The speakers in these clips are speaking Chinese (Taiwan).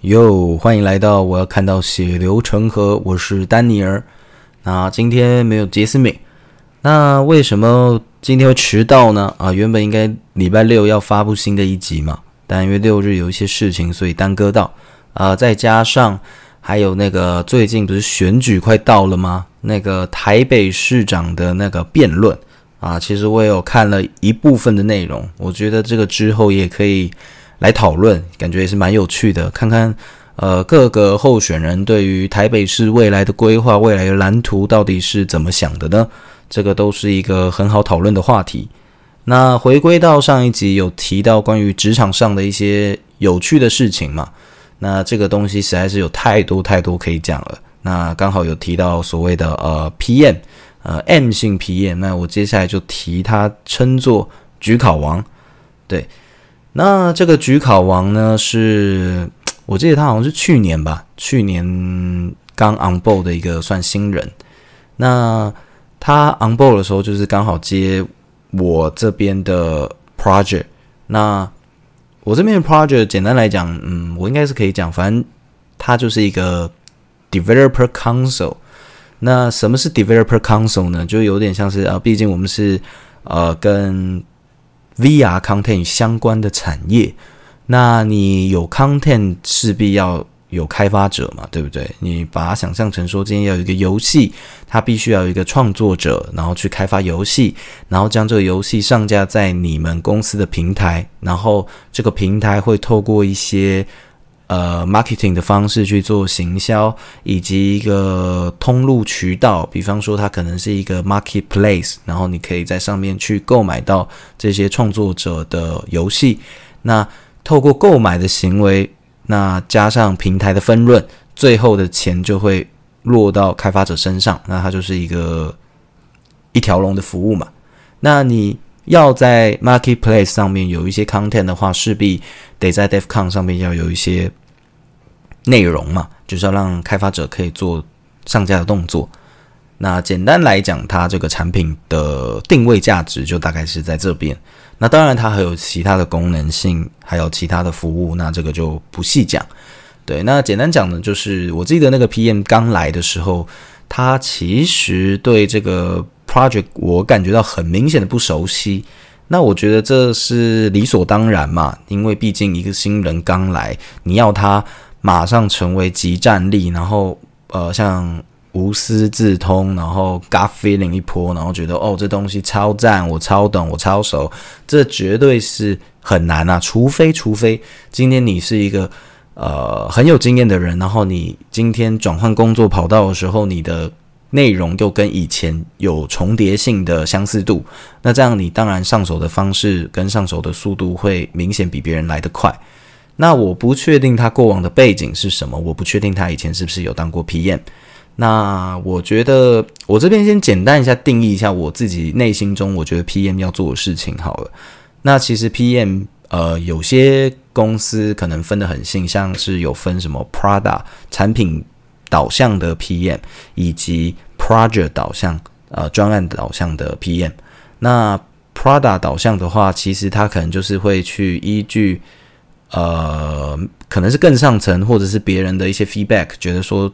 喲，Yo, 歡迎來到我要看到血流成河，我是丹尼爾。那、啊、今天沒有傑斯敏，那為什麼今天會遲到呢？啊，原本應該禮拜六要發布新的一集嘛，但因為六日有一些事情，所以耽擱到。啊，再加上還有那個最近不是選舉快到了嗎？那個台北市長的那個辯論啊，其實我有看了一部分的內容，我覺得這個之後也可以。來討論，感覺也是蠻有趣的。看看，呃，各個候選人對於台北市未來的規劃、未來的藍圖到底是怎麼想的呢？這個都是一個很好討論的話題。那回歸到上一集有提到關於職場上的一些有趣的事情嘛，那這個東西實在是有太多太多可以講了。那剛好有提到所謂的呃 PM，呃 M 性 PM，那我接下來就提它稱作“焗烤王”，對。那這個焗烤王呢是，我記得他好像是去年吧，去年剛 on board 的一個算新人。那他 on board 的時候，就是剛好接我這邊的 project。那我這邊的 project，簡單來講，嗯，我應該是可以講，反正他就是一個 developer console。那什麼是 developer console 呢？就有點像是啊，畢竟我們是呃跟。VR content 相關的產業，那你有 content 勢必要有開發者嘛，對不對？你把它想象成說，今天要有一個遊戲，它必須要有一個創作者，然後去開發遊戲，然後將這個遊戲上架在你們公司的平台，然後這個平台會透過一些。呃，marketing 的方式去做行銷，以及一個通路渠道，比方說它可能是一個 marketplace，然後你可以在上面去購買到這些創作者的遊戲。那透過購買的行為，那加上平台的分潤，最後的錢就會落到開發者身上。那它就是一個一條龍的服務嘛。那你要在 marketplace 上面有一些 content 的話，勢必得在 DevCon 上面要有一些。內容嘛，就是要讓開發者可以做上架的動作。那簡單來講，它這個產品的定位價值就大概是在這邊。那當然，它還有其他的功能性，還有其他的服務。那這個就不細講。對，那簡單講呢，就是我記得那個 PM 剛來的時候，他其實對這個 project 我感覺到很明顯的不熟悉。那我覺得這是理所當然嘛，因為畢竟一個新人剛來，你要他。馬上成為即戰力，然後呃，像無師自通，然後 “gut feeling” 一波，然後覺得哦，這東西超讚，我超懂，我超熟，這絕對是很難啊！除非除非今天你是一個呃很有經驗的人，然後你今天轉換工作跑道的時候，你的內容又跟以前有重疊性的相似度，那這樣你當然上手的方式跟上手的速度會明顯比別人來得快。那我不確定他過往的背景是什麼，我不確定他以前是不是有當過 PM。那我覺得我這邊先簡單一下定義一下我自己內心中，我覺得 PM 要做的事情好了。那其實 PM 呃，有些公司可能分得很細，像是有分什麼 product 產品導向的 PM 以及 project 導向呃專案導向的 PM。那 product 導向的話，其實他可能就是會去依據。呃，可能是更上層，或者是別人的一些 feedback，覺得說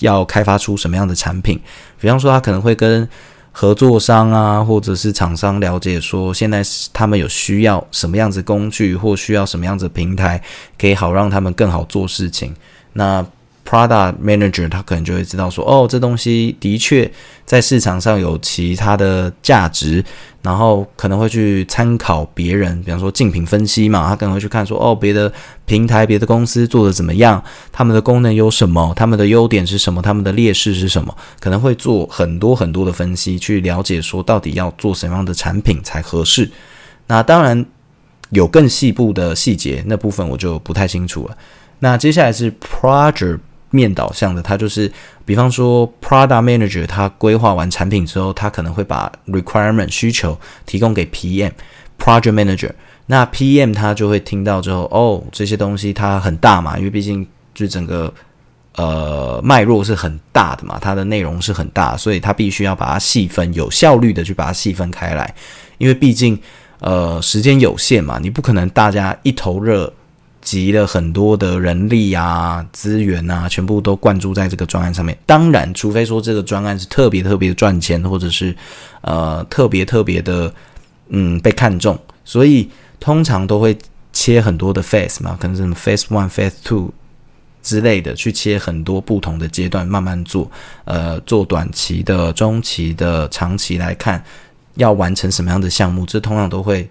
要開發出什麼樣的產品，比方說他可能會跟合作商啊，或者是廠商了解說，現在他們有需要什麼樣子工具，或需要什麼樣子平台，可以好讓他們更好做事情。那 Product Manager，他可能就會知道說，哦，這東西的確在市場上有其他的價值，然後可能會去參考別人，比方說競品分析嘛，他可能會去看說，哦，別的平台、別的公司做得怎麼樣，他們的功能有什麼，他們的優點是什麼，他們的劣勢是什麼，可能會做很多很多的分析，去了解說到底要做什麼樣的產品才合適。那當然有更細部的細節，那部分我就不太清楚了。那接下來是 Project。面導向的，它就是，比方說，Product Manager 他規劃完產品之後，他可能會把 requirement 需求提供給 PM Project Manager。那 PM 他就會聽到之後，哦，這些東西它很大嘛，因為畢竟就整個呃脈絡是很大的嘛，它的內容是很大，所以它必須要把它細分，有效率的去把它細分開來，因為畢竟呃時間有限嘛，你不可能大家一頭熱。集了很多的人力啊、資源啊，全部都灌注在這個專案上面。當然，除非說這個專案是特別特別賺錢，或者是呃特別特別的嗯被看重，所以通常都會切很多的 phase 嘛，可能是什麼 phase one、phase two 之類的，去切很多不同的階段，慢慢做。呃，做短期的、中期的、長期來看要完成什麼樣的項目，這通常都會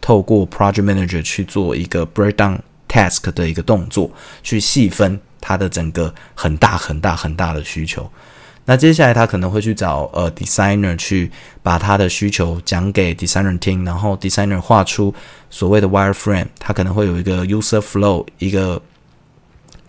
透過 project manager 去做一個 breakdown。task 的一個動作，去細分他的整個很大很大很大的需求。那接下來他可能會去找呃 designer 去把他的需求講給 designer 聽，然後 designer 畫出所謂的 wireframe，他可能會有一個 user flow、一個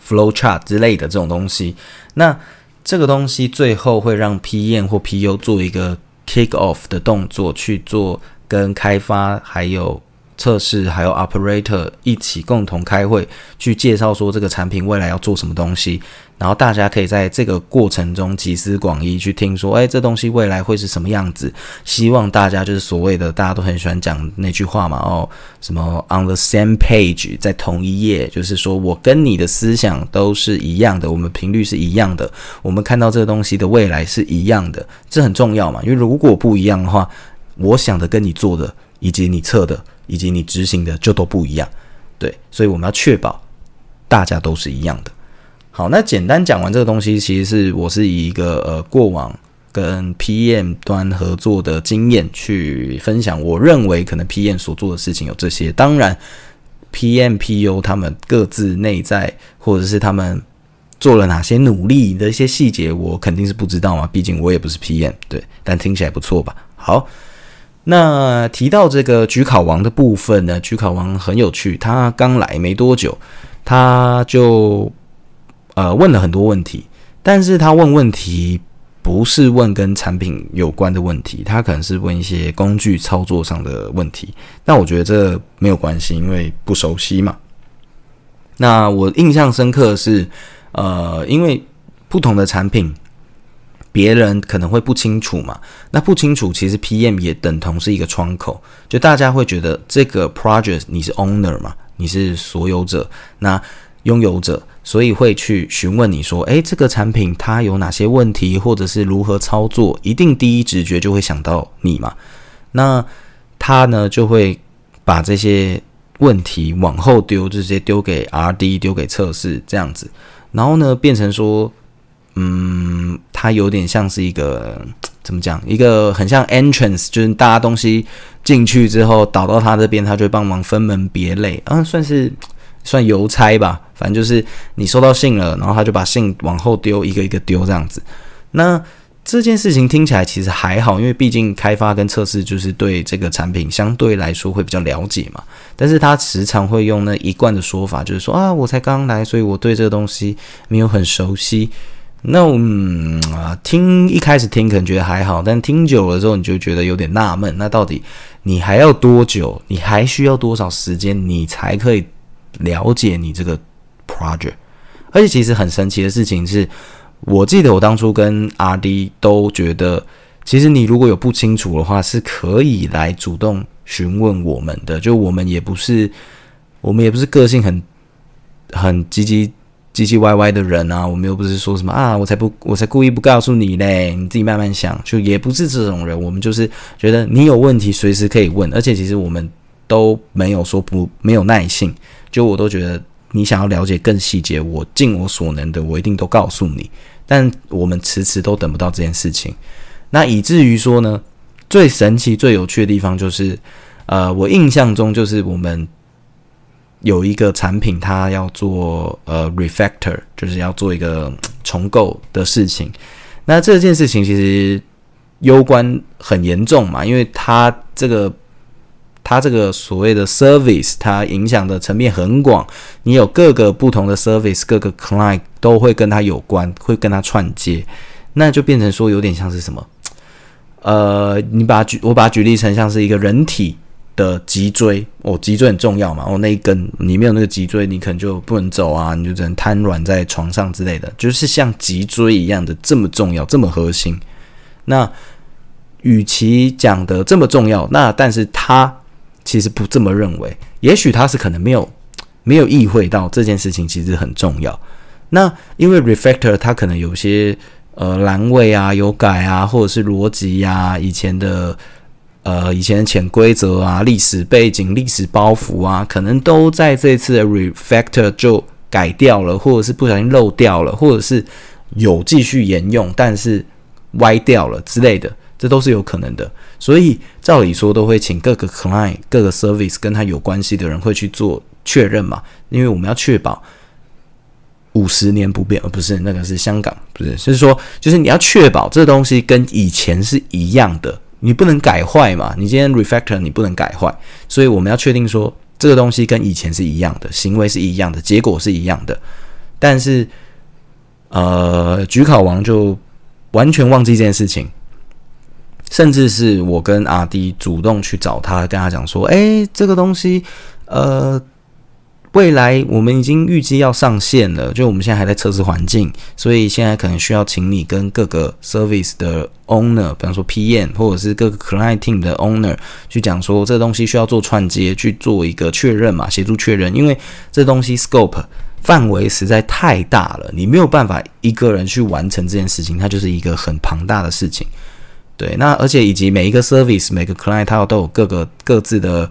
flow chart 之類的這種東西。那這個東西最後會讓 PM 或 PO 做一個 kick off 的動作，去做跟開發還有。測試還有 operator 一起共同開會去介紹說，這個產品未來要做什麼東西，然後大家可以在這個過程中集思廣益去聽說，哎，這東西未來會是什麼樣子？希望大家就是所謂的大家都很喜歡講那句話嘛，哦，什麼 on the same page 在同一頁，就是說我跟你的思想都是一樣的，我們頻率是一樣的，我們看到這個東西的未來是一樣的，這很重要嘛，因為如果不一樣的話，我想的跟你做的以及你測的。以及你執行的就都不一樣，對，所以我們要確保大家都是一樣的。好，那簡單講完這個東西，其實是我是以一個呃過往跟 PM 端合作的經驗去分享。我認為可能 PM 所做的事情有這些，當然 PM、PO 他們各自內在或者是他們做了哪些努力的一些細節，我肯定是不知道嘛。畢竟我也不是 PM，對，但聽起來不錯吧？好。那提到這個焗烤王的部分呢，焗烤王很有趣。他剛來沒多久，他就呃問了很多問題，但是他問問題不是問跟產品有關的問題，他可能是問一些工具操作上的問題。那我覺得這沒有關係，因為不熟悉嘛。那我印象深刻的是，呃，因為不同的產品。別人可能會不清楚嘛，那不清楚，其實 PM 也等同是一個窗口，就大家會覺得這個 project 你是 owner 嘛，你是所有者，那擁有者，所以會去詢問你說，誒，這個產品它有哪些問題，或者是如何操作？一定第一直覺就會想到你嘛。那他呢，就會把這些問題往後丟，直接丟給 RD，丟給測試這樣子，然後呢，變成說。嗯，它有點像是一個怎麼講？一個很像 entrance，就是大家東西進去之後導到他這邊，他就幫忙分門別類。啊，算是算郵差吧，反正就是你收到信了，然後他就把信往後丟，一個一個丟這樣子。那這件事情聽起來其實還好，因為畢竟開發跟測試就是對這個產品相對來說會比較了解嘛。但是他時常會用那一貫的說法，就是說啊，我才剛來，所以我對這個東西沒有很熟悉。那嗯，啊，聽一開始聽可能覺得還好，但聽久了之後，你就覺得有點納悶。那到底你還要多久？你還需要多少時間？你才可以了解你這個 project？而且其實很神奇的事情是，我記得我當初跟阿 D 都覺得，其實你如果有不清楚的話，是可以來主動詢問我們的。就我們也不是，我們也不是個性很很積極。唧唧歪歪的人啊，我們又不是說什麼啊，我才不，我才故意不告訴你嘞，你自己慢慢想，就也不是這種人，我們就是覺得你有問題，隨時可以問，而且其實我們都沒有說不，沒有耐性，就我都覺得你想要了解更細節，我盡我所能的，我一定都告訴你，但我們遲遲都等不到這件事情，那以至於說呢，最神奇、最有趣的地方就是，呃，我印象中就是我們。有一個產品，它要做呃 refactor，就是要做一個重構的事情。那這件事情其實攸關很嚴重嘛，因為它這個它這個所謂的 service，它影響的層面很廣。你有各個不同的 service，各個 client 都會跟它有關，會跟它串接，那就變成說有點像是什麼？呃，你把舉，我把它舉例成像是一個人體。的脊椎。哦，脊椎很重要嘛，哦，那一根，你沒有那個脊椎，你可能就不能走啊，你就只能癱軟在床上之類的，就是像脊椎一樣的這麼重要，這麼核心。那與其講的這麼重要，那但是他其實不這麼認為，也許他是可能沒有沒有意會到這件事情其實很重要。那因為 refactor 他可能有些呃欄位啊有改啊，或者是邏輯呀以前的。呃，以前的潛規則啊、歷史背景、歷史包袱啊，可能都在這一次的 refactor 就改掉了，或者是不小心漏掉了，或者是有繼續沿用，但是歪掉了之類的，這都是有可能的。所以照理說，都會請各個 client、各個 service 跟他有關係的人會去做確認嘛，因為我們要確保五十年不變，呃，不是那個是香港，不是，就是說就是你要確保這東西跟以前是一樣的。你不能改壞嘛？你今天 refactor，你不能改壞，所以我們要確定說這個東西跟以前是一樣的，行為是一樣的，結果是一樣的。但是，呃，焗烤王就完全忘記這件事情，甚至是我跟阿迪主動去找他，跟他講說：“誒，這個東西，呃。”未來我們已經預計要上線了，就我們現在還在測試環境，所以現在可能需要請你跟各個 service 的 owner，比方說 PM 或者是各個 client team 的 owner 去講說，這東西需要做串接去做一個確認嘛，協助確認，因為這東西 scope 範圍實在太大了，你沒有辦法一個人去完成這件事情，它就是一個很龐大的事情。對，那而且以及每一個 service 每個 client 它都有各個各自的。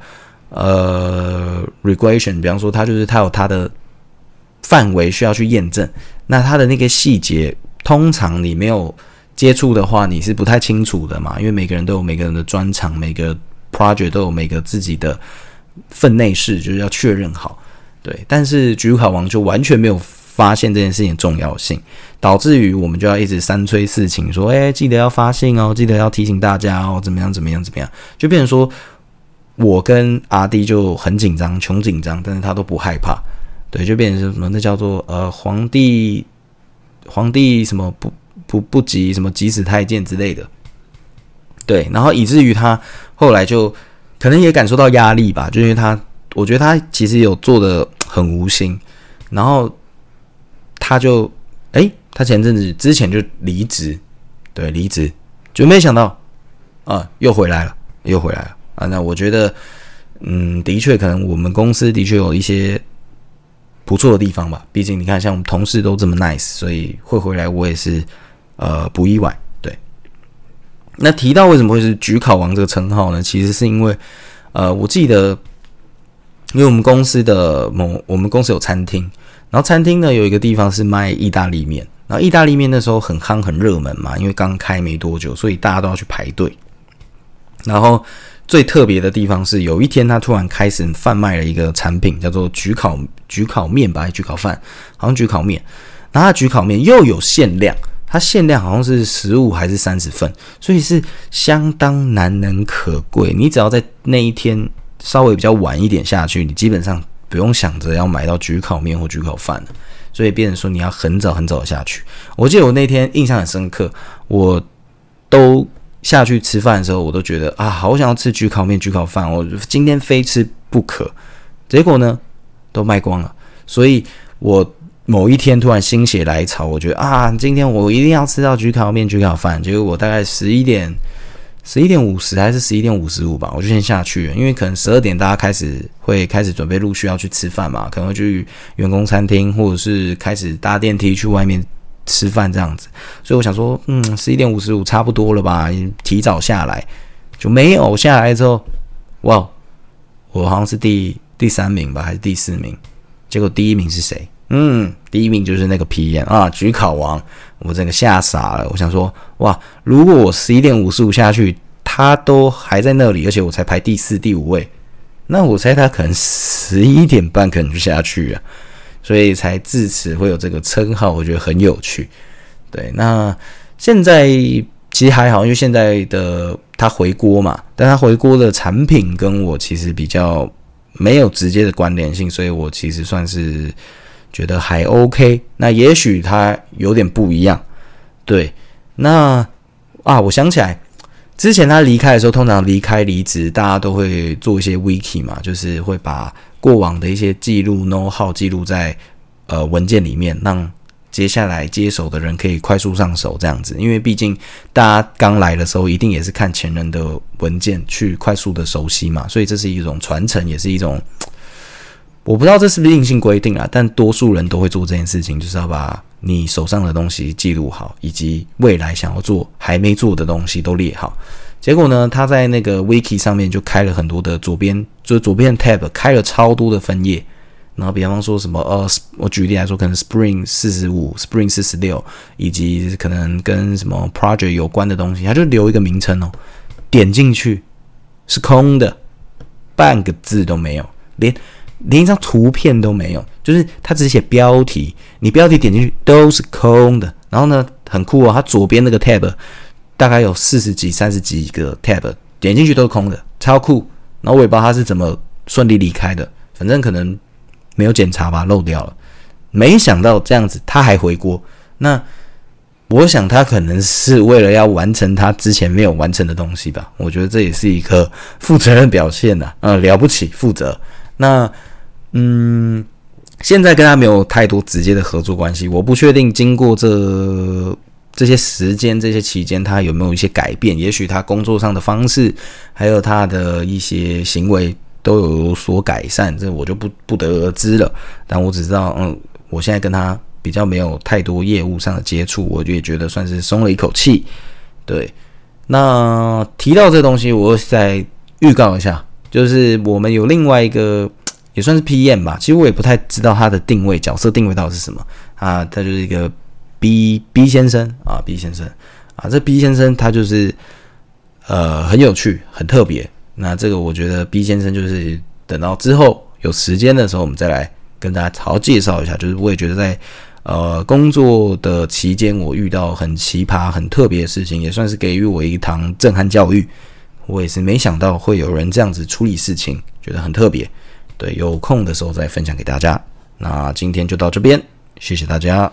呃 regression 比方說，它就是它有它的範圍需要去驗證，那它的那個細節，通常你沒有接觸的話，你是不太清楚的嘛。因為每個人都有每個人的專長，每個 project 都有每個自己的分內事，就是要確認好。對，但是焗烤王就完全沒有發現這件事情的重要性，導致於我們就要一直三催四請，說，哎、欸，記得要發信哦，記得要提醒大家哦，怎麼樣，怎麼樣，怎麼樣，就變成說。我跟阿弟就很緊張，窮緊張，但是他都不害怕，對，就變成什麼，那叫做呃皇帝，皇帝什麼不不不急，什麼急死太監之類的，對，然後以至於他後來就可能也感受到壓力吧，就是因為他，我覺得他其實有做得很無心，然後他就，哎、欸，他前陣子之前就離職，對，離職，就沒想到，啊、呃，又回來了，又回來了。啊，那我覺得，嗯，的確，可能我們公司的確有一些不錯的地方吧。畢竟你看，像我們同事都這麼 nice，所以會回來我也是呃不意外。對，那提到為什麼會是“焗烤王”這個稱號呢？其實是因為，呃，我記得，因為我們公司的某，我們公司有餐廳，然後餐廳呢有一個地方是賣意大利麵，然後意大利麵那時候很夯很熱門嘛，因為剛開沒多久，所以大家都要去排隊。然後最特別的地方是，有一天他突然開始販賣了一個產品，叫做焗烤“焗烤焗烤麵”吧，還是“焗烤飯”？好像“焗烤麵”。然後“他焗烤麵”又有限量，它限量好像是十五還是三十份，所以是相當難能可貴。你只要在那一天稍微比較晚一點下去，你基本上不用想着要買到焗烤麵或焗烤飯了。所以變成說你要很早很早下去。我記得我那天印象很深刻，我都。下去吃飯的時候，我都覺得啊，好想要吃焗烤麵、焗烤飯，我今天非吃不可。結果呢，都賣光了。所以，我某一天突然心血來潮，我覺得啊，今天我一定要吃到焗烤麵、焗烤飯。結果我大概十一點、十一點五十還是十一點五十五吧，我就先下去了，因為可能十二點大家開始會開始準備陸續要去吃飯嘛，可能會去員工餐廳，或者是開始搭電梯去外面。吃飯這樣子，所以我想說，嗯，十一點五十五差不多了吧？提早下來就沒有下來之後，哇，我好像是第第三名吧，還是第四名？結果第一名是誰？嗯，第一名就是那個 PM 啊，焗烤王！我整個嚇傻了。我想說，哇，如果我十一點五十五下去，他都還在那裡，而且我才排第四、第五位，那我猜他可能十一點半可能就下去了。所以才自此會有這個稱號，我覺得很有趣。對，那現在其實還好，因為現在的他回鍋嘛，但他回鍋的產品跟我其實比較沒有直接的關聯性，所以我其實算是覺得還 OK。那也許他有點不一樣。對，那啊，我想起來，之前他離開的時候，通常離開離職，大家都會做一些 wiki 嘛，就是會把，過往的一些記錄，know-how 記錄在呃文件裡面，讓接下來接手的人可以快速上手，這樣子。因為畢竟大家剛來的時候，一定也是看前人的文件去快速的熟悉嘛，所以這是一種傳承，也是一種。我不知道這是不是硬性規定啊，但多數人都會做這件事情，就是要把你手上的東西記錄好，以及未來想要做還沒做的東西都列好。結果呢，他在那個 wiki 上面就開了很多的左邊，就左邊的 tab 開了超多的分頁，然後比方說什麼呃、哦，我舉例來說，可能 spring 四十五，spring 四十六，以及可能跟什麼 project 有關的東西，他就留一個名稱哦，點進去是空的，半個字都沒有，連連一張圖片都沒有，就是他只寫標題，你標題點進去都是空的，然後呢，很酷哦，他左邊那個 tab。大概有四十幾、三十幾個 tab 點進去都是空的，超酷。然後我也不知道他是怎麼順利離開的，反正可能沒有檢查吧，漏掉了。沒想到這樣子他還回鍋。那我想他可能是為了要完成他之前沒有完成的東西吧。我覺得這也是一個負責任表現啊。嗯、呃，了不起，負責。那嗯，現在跟他沒有太多直接的合作關係，我不確定經過這。這些時間，這些期間，他有沒有一些改變？也許他工作上的方式，還有他的一些行為都有所改善，這我就不不得而知了。但我只知道，嗯，我現在跟他比較沒有太多業務上的接觸，我就也覺得算是鬆了一口氣。對，那提到這東西，我再預告一下，就是我們有另外一個也算是 PM 吧，其實我也不太知道它的定位、角色定位到底是什麼啊，它就是一個。B B 先生啊，B 先生啊，這 B 先生他就是呃很有趣、很特別。那這個我覺得 B 先生就是等到之後有時間的時候，我們再來跟大家好好介紹一下。就是我也覺得在呃工作的期間，我遇到很奇葩、很特別的事情，也算是給予我一堂震撼教育。我也是沒想到會有人這樣子處理事情，覺得很特別。對，有空的時候再分享給大家。那今天就到這邊，謝謝大家。